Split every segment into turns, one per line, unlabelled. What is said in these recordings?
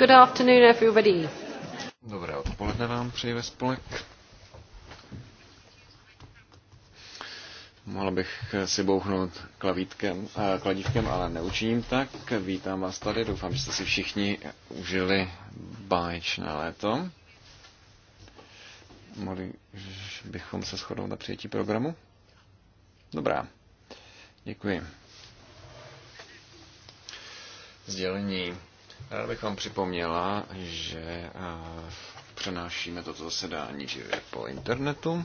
Good afternoon, everybody. Dobré odpoledne vám přeji ve spolek. Mohl bych si bouchnout klavítkem, eh, kladívkem, ale neučiním tak. Vítám vás tady, doufám, že jste si všichni užili báječné léto. Mohli bychom se shodnout na přijetí programu? Dobrá, děkuji. Sdělení Ráda bych vám připomněla, že přenášíme toto zasedání živě po internetu.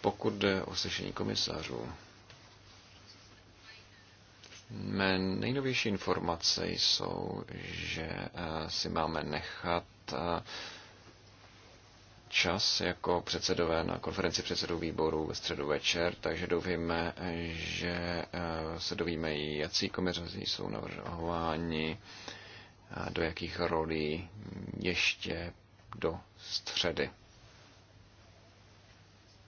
Pokud jde o slyšení komisářů, mé nejnovější informace jsou, že si máme nechat čas jako předsedové na konferenci předsedů výboru ve středu večer, takže doufíme, že eh, se dovíme, jaký komisaři jsou navrhováni, do jakých rolí ještě do středy,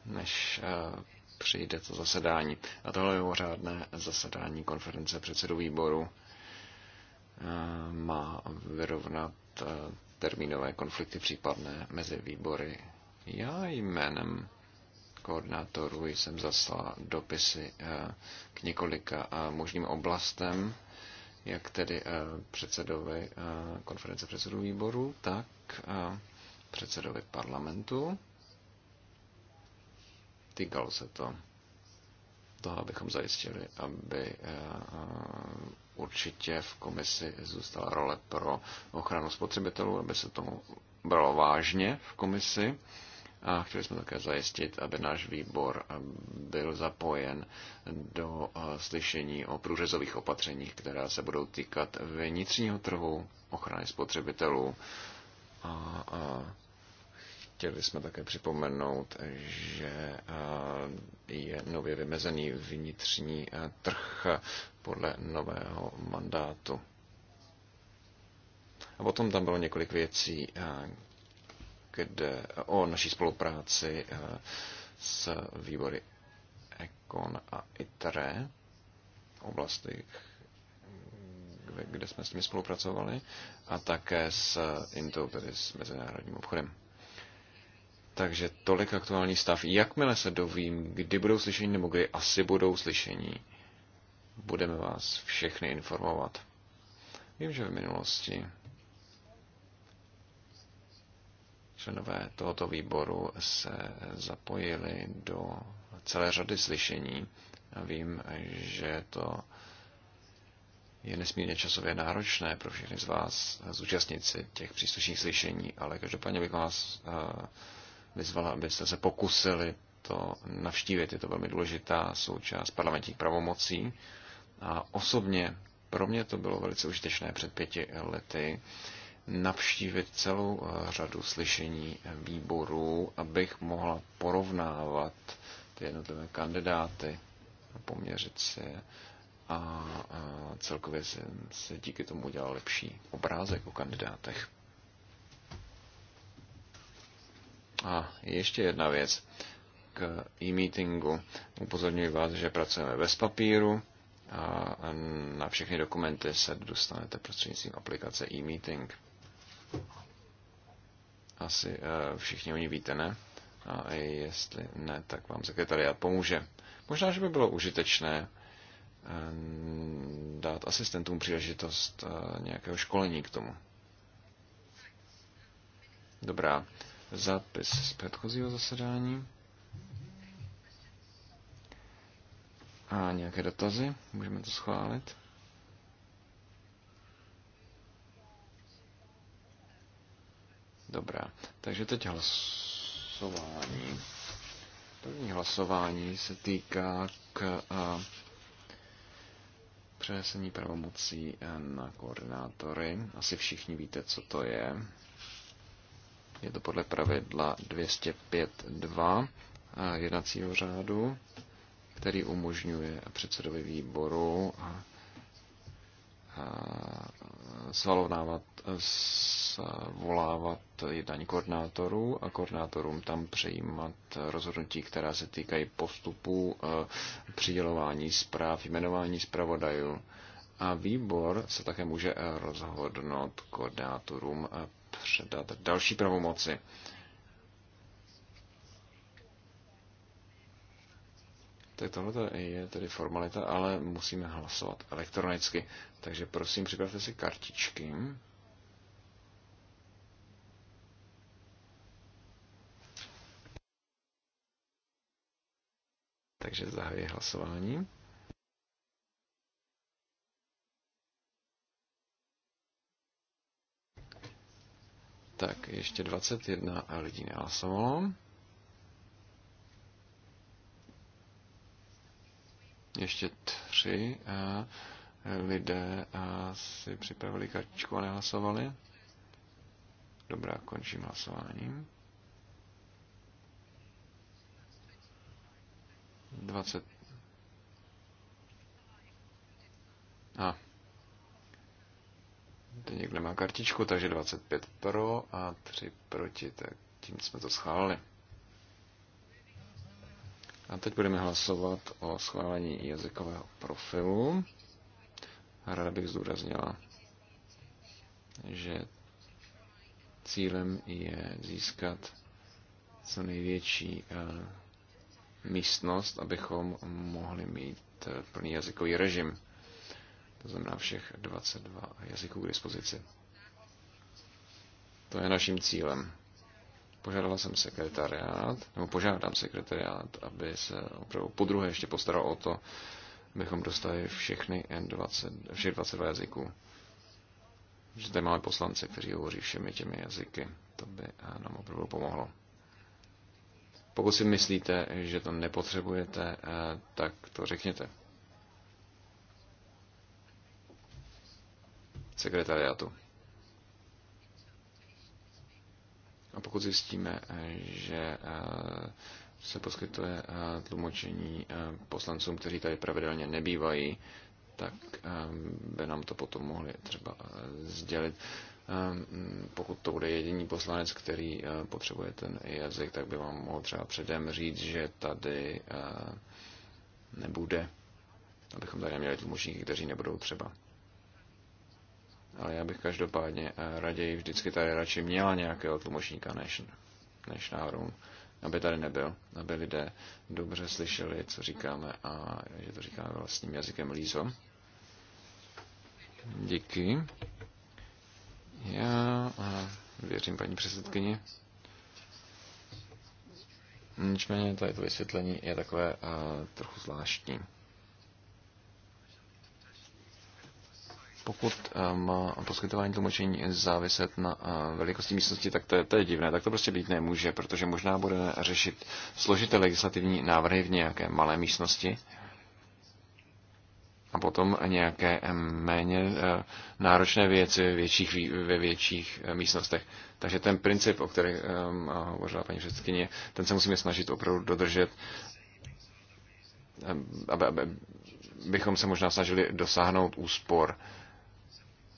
než eh, přijde to zasedání. A tohle je mimořádné zasedání konference předsedů výboru eh, má vyrovnat termínové konflikty případné mezi výbory. Já jménem koordinátorů jsem zaslal dopisy eh, k několika eh, možným oblastem, jak tedy eh, předsedovi konference předsedů výboru, tak předsedovi parlamentu. Týkalo se to toho, abychom zajistili, aby určitě v komisi zůstala role pro ochranu spotřebitelů, aby se tomu bralo vážně v komisi. A chtěli jsme také zajistit, aby náš výbor byl zapojen do eh, slyšení o průřezových opatřeních, která se budou týkat vnitřního trhu, ochrany spotřebitelů a, a chtěli jsme také připomenout, že je nově vymezený vnitřní trh podle nového mandátu. A potom tam bylo několik věcí, kde o naší spolupráci s výbory Econ a ITRE, oblasti, kde jsme s nimi spolupracovali, a také s INTO, tedy s Mezinárodním obchodem. Takže tolik aktuální stav. Jakmile se dovím, kdy budou slyšení nebo kdy asi budou slyšení, budeme vás všechny informovat. Vím, že v minulosti členové tohoto výboru se zapojili do celé řady slyšení. A vím, že to je nesmírně časově náročné pro všechny z vás zúčastnit se těch příslušných slyšení, ale každopádně bych vás eh, vyzvala, abyste se pokusili to navštívit. Je to velmi důležitá součást parlamentních pravomocí. A osobně pro mě to bylo velice užitečné před pěti lety navštívit celou eh, řadu slyšení výborů, abych mohla porovnávat ty jednotlivé kandidáty a poměřit si a eh, celkově jsem se díky tomu udělal lepší obrázek o kandidátech. A ještě jedna věc k e-meetingu. Upozorňuji vás, že pracujeme bez papíru a na všechny dokumenty se dostanete prostřednictvím aplikace e-meeting. Asi eh, všichni o ní víte, ne? A jestli ne, tak vám sekretariat pomůže. Možná, že by bylo užitečné eh, dát asistentům příležitost eh, nějakého školení k tomu. Dobrá zápis z předchozího zasedání. A nějaké dotazy? Můžeme to schválit? Dobrá, takže teď hlasování. První hlasování se týká k a, přenesení pravomocí na koordinátory. Asi všichni víte, co to je. Je to podle pravidla 205.2 eh, jednacího řádu, který umožňuje předsedovi výboru eh, svalovnávat, volávat jednání koordinátorů a koordinátorům tam přejímat rozhodnutí, která se týkají postupů, eh, přidělování zpráv, jmenování zpravodajů. A výbor se také může rozhodnout koordinátorům předat další pravomoci. Tak tohle je tedy formalita, ale musíme hlasovat elektronicky. Takže prosím, připravte si kartičky. Takže zahajuji hlasování. Tak, ještě 21 lidí nehlasovalo. Ještě tři a lidé a si připravili kačku a nehlasovali. Dobrá, končím hlasováním. 20 Teď někdo má kartičku, takže 25 pro a 3 proti, tak tím jsme to schválili. A teď budeme hlasovat o schválení jazykového profilu. Ráda bych zdůraznila, že cílem je získat co největší eh, místnost, abychom mohli mít eh, plný jazykový režim. To znamená všech 22 jazyků k dispozici. To je naším cílem. Požádala jsem sekretariát, nebo požádám sekretariát, aby se opravdu po druhé ještě postaral o to, abychom dostali všechny N20, všech 22 jazyků. Že tady máme poslance, kteří hovoří všemi těmi jazyky. To by eh, nám opravdu pomohlo. Pokud si myslíte, že to nepotřebujete, eh, tak to řekněte. sekretariátu. A pokud zjistíme, že eh, se poskytuje eh, tlumočení eh, poslancům, kteří tady pravidelně nebývají, tak by nám to potom mohli třeba sdělit. Pokud to bude jediný poslanec, který potřebuje ten jazyk, tak by vám mohl třeba předem říct, že tady nebude, abychom tady neměli tlumočníky, kteří nebudou třeba. Ale já bych každopádně eh, raději vždycky tady radši měla nějakého tlumočníka, než, než room, aby tady nebyl, aby lidé dobře slyšeli, co říkáme a že to říkáme vlastním jazykem Lízo. Díky. Já eh, věřím paní předsedkyni. Nicméně tady to vysvětlení je takové a, eh, trochu zvláštní. pokud eh, má poskytování tlumočení záviset na eh, velikosti místnosti, tak to je, to je divné. Tak to prostě být nemůže, protože možná bude řešit složité legislativní návrhy v nějaké malé místnosti a potom nějaké eh, méně náročné věci ve větších, ve větších místnostech. Takže ten princip, o kterém hovořila paní předsedkyně, ten se musíme snažit opravdu dodržet, aby, aby, bychom se možná snažili dosáhnout úspor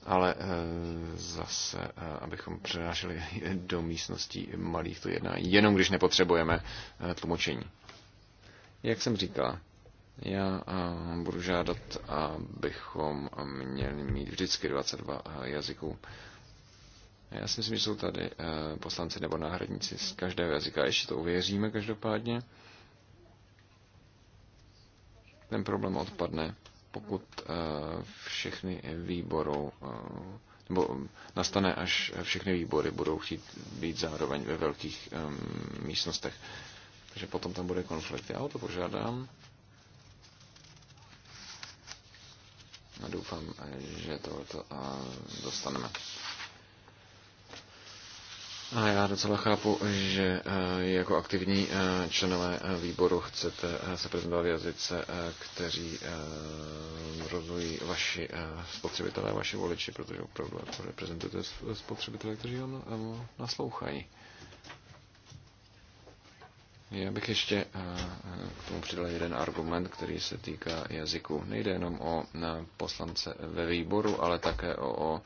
ale eh, zase, eh, abychom přenášeli do místností malých to jednání, jenom když nepotřebujeme eh, tlumočení. Jak jsem říkala, já budu žádat, abychom měli mít vždycky 22 jazyků. Já si myslím, že jsou tady poslanci nebo náhradníci z každého jazyka, ještě to uvěříme každopádně. Ten problém odpadne pokud eh, všechny výboru eh, nebo eh, nastane, až všechny výbory budou chtít být zároveň ve velkých místnostech. Takže potom tam bude konflikt. Já o to požádám. A doufám, že to dostaneme. A já docela chápu, že eh, jako aktivní eh, členové eh, výboru chcete se prezentovat v jazyce, kteří rozumí vaši spotřebitelé, vaši voliči, protože opravdu jako reprezentujete spotřebitele, kteří vám naslouchají. Já bych ještě k tomu přidal jeden argument, který se týká jazyku. Nejde jenom o poslance ve výboru, ale také o, o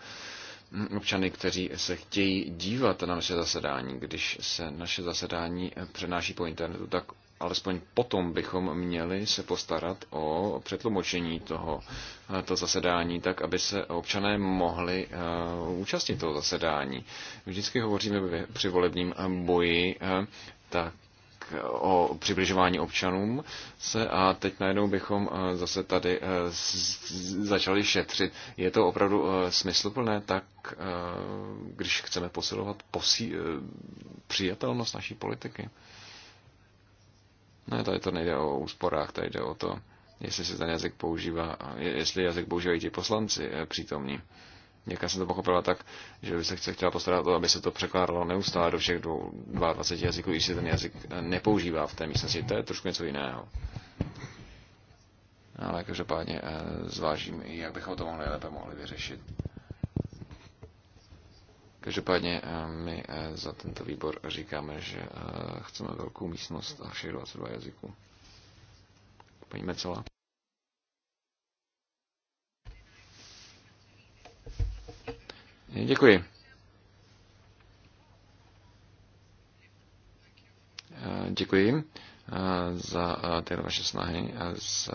občany, kteří se chtějí dívat na naše zasedání. Když se naše zasedání přenáší po internetu, tak alespoň potom bychom měli se postarat o přetlumočení toho to zasedání, tak aby se občané mohli uh, účastnit toho zasedání. Vždycky hovoříme při volebním boji, uh, tak o přibližování občanům se a teď najednou bychom eh, zase tady eh, začali šetřit. Je to opravdu eh, smysluplné tak, když chceme posilovat posí, přijatelnost naší politiky? Ne, tady to nejde o úsporách, tady jde o to, jestli se ten jazyk používá, jestli jazyk používají ti poslanci přítomní. Jak jsem to pochopila tak, že by se chtěla postarat o to, aby se to překládalo neustále do všech 22 jazyků, když se ten jazyk eh, nepoužívá v té místnosti. To je trošku něco jiného. Ale každopádně eh, zvážím, jak bychom to mohli lépe mohli vyřešit. Každopádně eh, my za tento výbor říkáme, že chceme velkou místnost a všech 22 jazyků. Paní Mecela. Děkuji. Eh, děkuji eh, za eh, ty vaše snahy z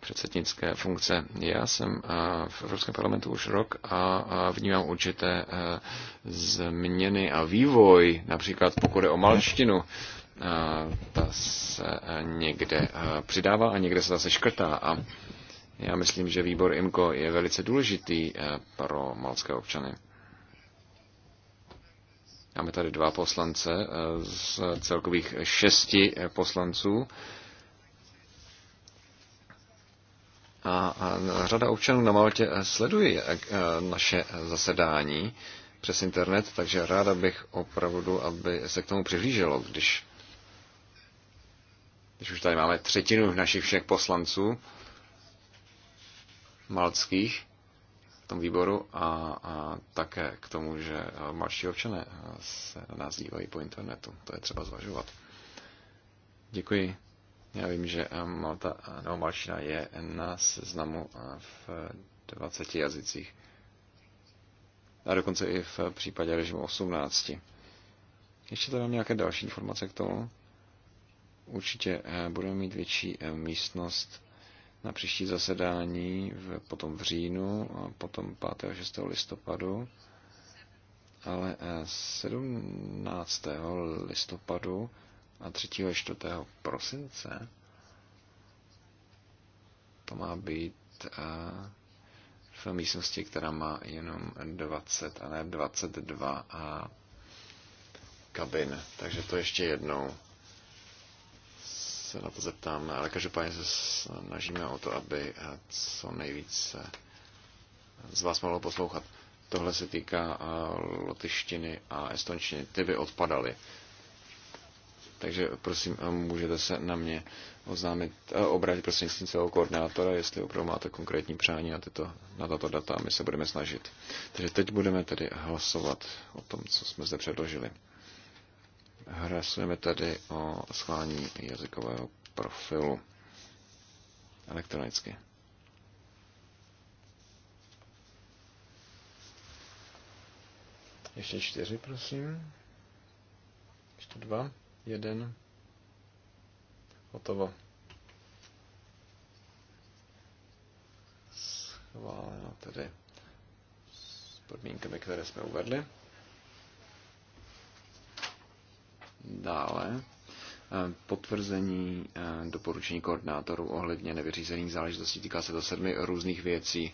předsednické funkce. Já jsem v Evropském parlamentu už rok a vnímám určité změny a vývoj, například pokud je o malštinu ta se někde přidává a někde se zase škrtá. A já myslím, že výbor IMCO je velice důležitý eh, pro malské občany. Máme tady dva poslance eh, z celkových šesti eh, poslanců. A, řada občanů na Maltě sleduje naše zasedání přes internet, takže ráda bych opravdu, aby se k tomu přihlíželo, když, když už tady máme třetinu našich všech poslanců, malckých v tom výboru a, a také k tomu, že malší občané se na nás dívají po internetu. To je třeba zvažovat. Děkuji. Já vím, že Malta nebo Malčina je na seznamu v 20 jazycích. A dokonce i v případě režimu 18. Ještě tady mám nějaké další informace k tomu. Určitě eh, budeme mít větší eh, místnost na příští zasedání, v, potom v říjnu a potom 5. a 6. listopadu. Ale 17. Eh, listopadu a 3. a 4. prosince to má být eh, v místnosti, která má jenom 20 a ne 22 a eh, kabin. Takže to ještě jednou se na to zeptáme, ale každopádně se snažíme o to, aby eh, co nejvíce z vás mohlo poslouchat. Tohle se týká eh, lotyštiny a estončiny. Ty by odpadaly. Takže prosím, eh, můžete se na mě oznámit, obrátit prostřednictvím celou koordinátora, jestli opravdu máte konkrétní přání na, tyto, na tato data. My se budeme snažit. Takže teď budeme tedy hlasovat o tom, co jsme zde předložili. Hlasujeme tady o schválení jazykového profilu elektronicky. Ještě čtyři, prosím. Ještě dva, jeden. Hotovo. Schváleno tedy s podmínkami, které jsme uvedli. Dále eh, potvrzení eh, doporučení koordinátorů ohledně nevyřízených záležitostí. Týká se to sedmi různých věcí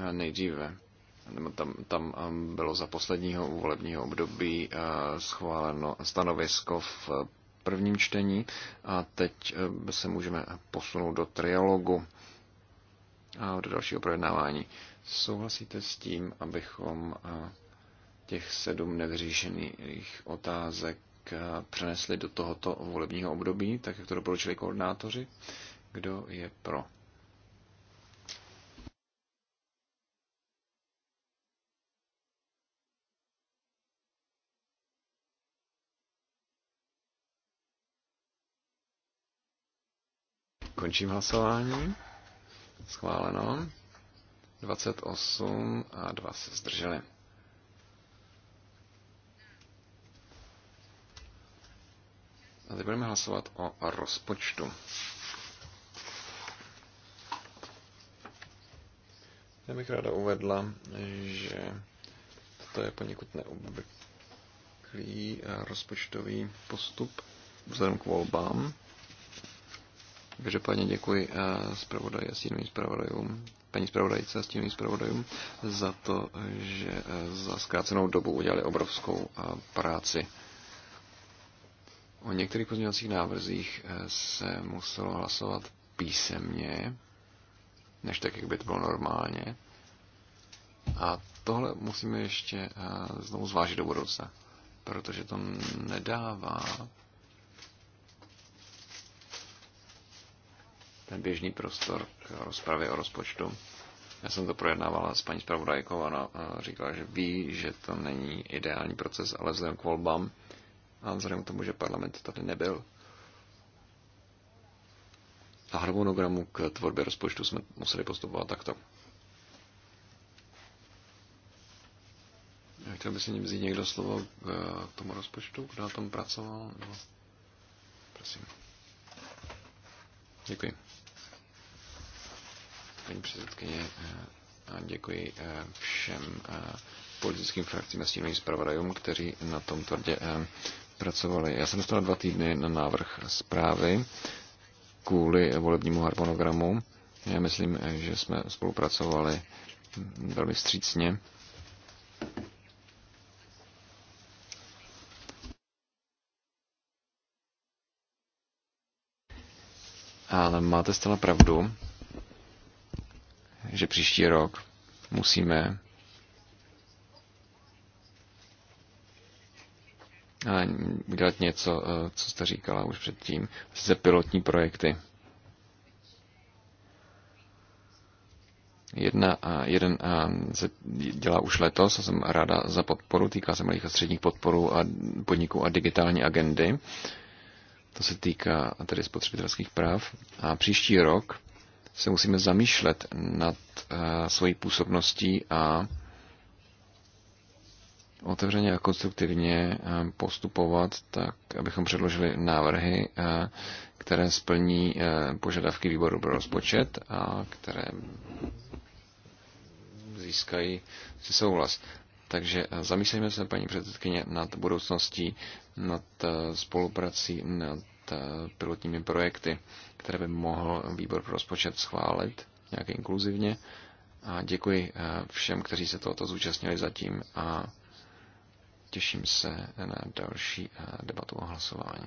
eh, nejdříve. Tam, tam bylo za posledního volebního období schváleno stanovisko v prvním čtení a teď se můžeme posunout do trialogu a do dalšího projednávání. Souhlasíte s tím, abychom těch sedm nevyřešených otázek Eh, přenesli do tohoto volebního období, tak jak to doporučili koordinátoři. Kdo je pro? Končím hlasování. Schváleno. 28 a 2 se zdrželi. A teď budeme hlasovat o rozpočtu. Já bych ráda uvedla, že to je poněkud neobvyklý eh, rozpočtový postup vzhledem k volbám. Každopádně děkuji eh, zpravodaji a stínovým zpravodajům, paní zpravodajce a stínovým zpravodajům za to, že eh, za zkrácenou dobu udělali obrovskou práci. O některých pozměňovacích návrzích eh, se muselo hlasovat písemně, než tak, jak by to bylo normálně. A tohle musíme ještě eh, znovu zvážit do budoucna, protože to nedává ten běžný prostor k rozpravě o rozpočtu. Já jsem to projednávala s paní zpravodajkou, ona eh, říkala, že ví, že to není ideální proces, ale vzhledem k volbám a vzhledem k tomu, že parlament tady nebyl. A harmonogramu k tvorbě rozpočtu jsme museli postupovat takto. Chtěl by si ním vzít někdo slovo eh, k tomu rozpočtu, kdo na tom pracoval? No. Prosím. Děkuji. Paní předsedkyně, eh, děkuji eh, všem politickým frakcím a stínovým zpravodajům, kteří na tom tvrdě pracovali. Já jsem dostal dva týdny na návrh zprávy kvůli volebnímu harmonogramu. Já myslím, že jsme spolupracovali velmi střícně. Ale máte stále pravdu, že příští rok musíme udělat něco, eh, co jste říkala už předtím, ze pilotní projekty. Jedna, jeden se dělá už letos a jsem ráda za podporu. Týká se malých a středních podporů a podniků a digitální agendy. To se týká tedy spotřebitelských práv. A příští rok se musíme zamýšlet nad eh, svojí působností a otevřeně a konstruktivně eh, postupovat tak, abychom předložili návrhy, eh, které splní eh, požadavky výboru pro rozpočet a které získají si souhlas. Takže zamýšlejme se, paní předsedkyně, nad budoucností, nad spoluprací, nad pilotními projekty, které by mohl výbor pro rozpočet schválit nějak inkluzivně. A děkuji všem, kteří se tohoto zúčastnili zatím a těším se na další eh, debatu o hlasování.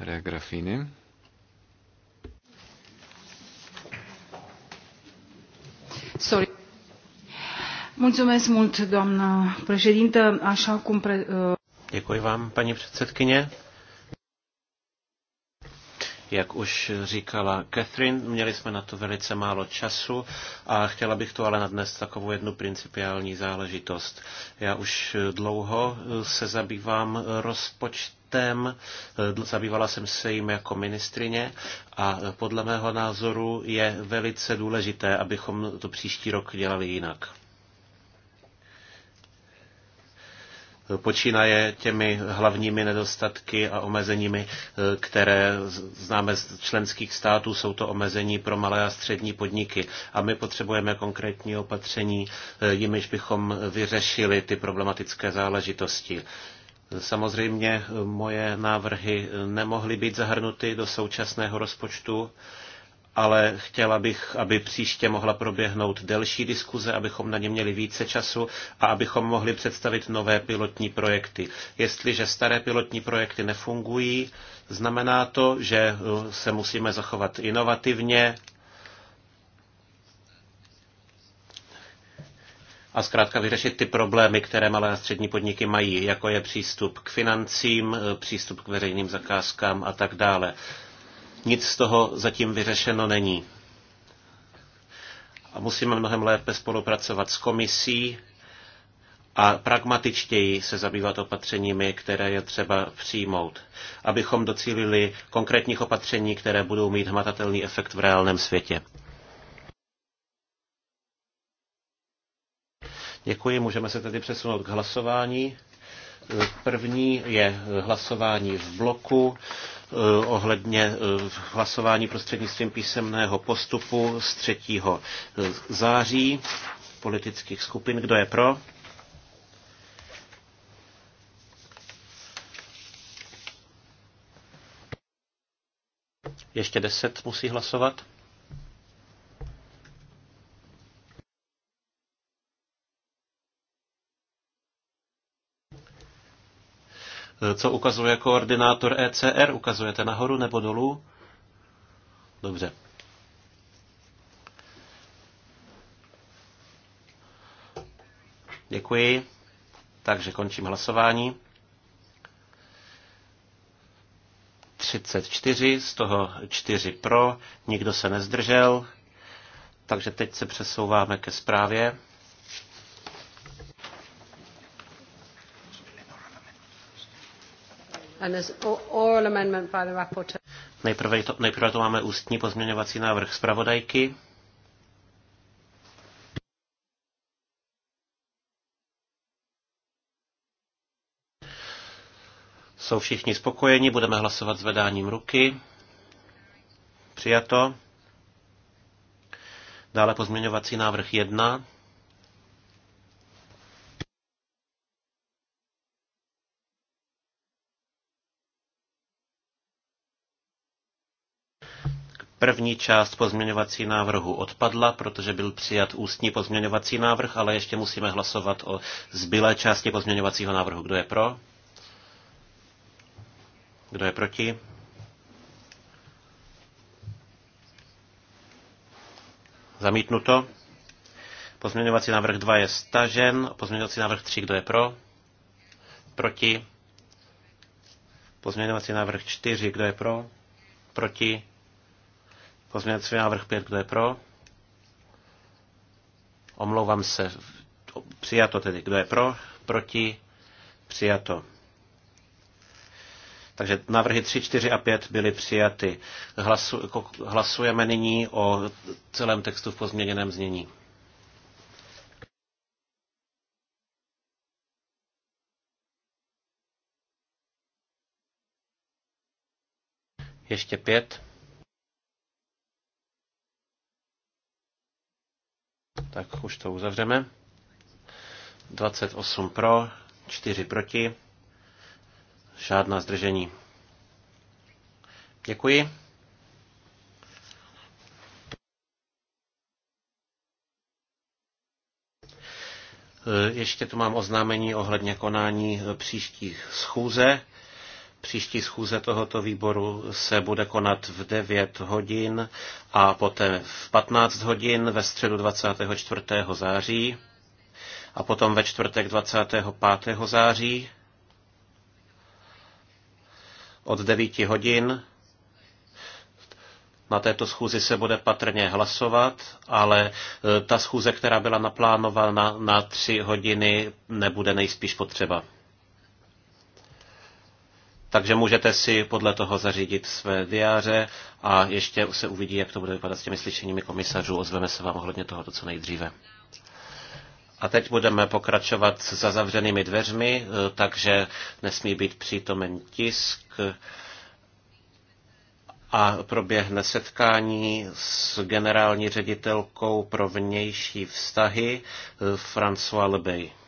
Reagrafíny.
Sorry. Mulțumesc mult, doamna președintă, așa cum... Pre... Děkuji vám, paní předsedkyně. Jak už říkala Catherine, měli jsme na to velice málo času a chtěla bych tu ale nadnes takovou jednu principiální záležitost. Já už dlouho se zabývám rozpočtem zabývala jsem se jim jako ministrině a podle mého názoru je velice důležité, abychom to příští rok dělali jinak. počínaje těmi hlavními nedostatky a omezeními, eh, které známe z členských států. Jsou to omezení pro malé a střední podniky a my potřebujeme konkrétní opatření, eh, jimiž bychom vyřešili ty problematické záležitosti. Samozřejmě eh, moje návrhy nemohly být zahrnuty do současného rozpočtu, ale chtěla bych, aby příště mohla proběhnout delší diskuze, abychom na ně měli více času a abychom mohli představit nové pilotní projekty. Jestliže staré pilotní projekty nefungují, znamená to, že eh, se musíme zachovat inovativně, a zkrátka vyřešit ty problémy, které malé a střední podniky mají, jako je přístup k financím, eh, přístup k veřejným zakázkám a tak dále. Nic z toho zatím vyřešeno není. A musíme mnohem lépe spolupracovat s komisí a pragmatičtěji se zabývat opatřeními, které je třeba přijmout, abychom docílili konkrétních opatření, které budou mít hmatatelný efekt v reálném světě. Děkuji, můžeme se tedy přesunout k hlasování. První je hlasování v bloku Eh, ohledně eh, hlasování prostřednictvím písemného postupu z 3. Eh, září politických skupin. Kdo je pro? Ještě deset musí hlasovat. Co ukazuje koordinátor ECR? Ukazujete nahoru nebo dolů? Dobře. Děkuji. Takže končím hlasování. 34, z toho 4 pro, nikdo se nezdržel. Takže teď se přesouváme ke zprávě. Nejprve to, nejprve to máme ústní pozměňovací návrh zpravodajky. Jsou všichni spokojeni, budeme hlasovat zvedáním ruky. Přijato. Dále pozměňovací návrh 1. První část pozměňovací návrhu odpadla, protože byl přijat ústní pozměňovací návrh, ale ještě musíme hlasovat o zbylé části pozměňovacího návrhu. Kdo je pro? Kdo je proti? Zamítnuto. Pozměňovací návrh 2 je stažen. Pozměňovací návrh 3, kdo je pro? Proti. Pozměňovací návrh 4, kdo je pro? Proti. Pozměňovací návrh 5, kdo je pro? Omlouvám se. Přijato tedy. Kdo je pro? Proti? Přijato. Takže návrhy 3, 4 a 5 byly přijaty. Hlasu, hlasujeme nyní o celém textu v pozměněném znění. Ještě pět. Tak už to uzavřeme. 28 pro, 4 proti, žádná zdržení. Děkuji. E, ještě tu mám oznámení ohledně konání e, příštích schůze. Příští schůze tohoto výboru se bude konat v 9 hodin a poté v 15 hodin ve středu 24. září a potom ve čtvrtek 25. září od 9 hodin. Na této schůzi se bude patrně hlasovat, ale e, ta schůze, která byla naplánována na tři hodiny, nebude nejspíš potřeba takže můžete si podle toho zařídit své diáře a ještě se uvidí, jak to bude vypadat s těmi slyšeními komisařů. Ozveme se vám ohledně toho, co nejdříve. A teď budeme pokračovat za zavřenými dveřmi, eh, takže nesmí být přítomen tisk a proběhne setkání s generální ředitelkou pro vnější vztahy eh, François Lebey.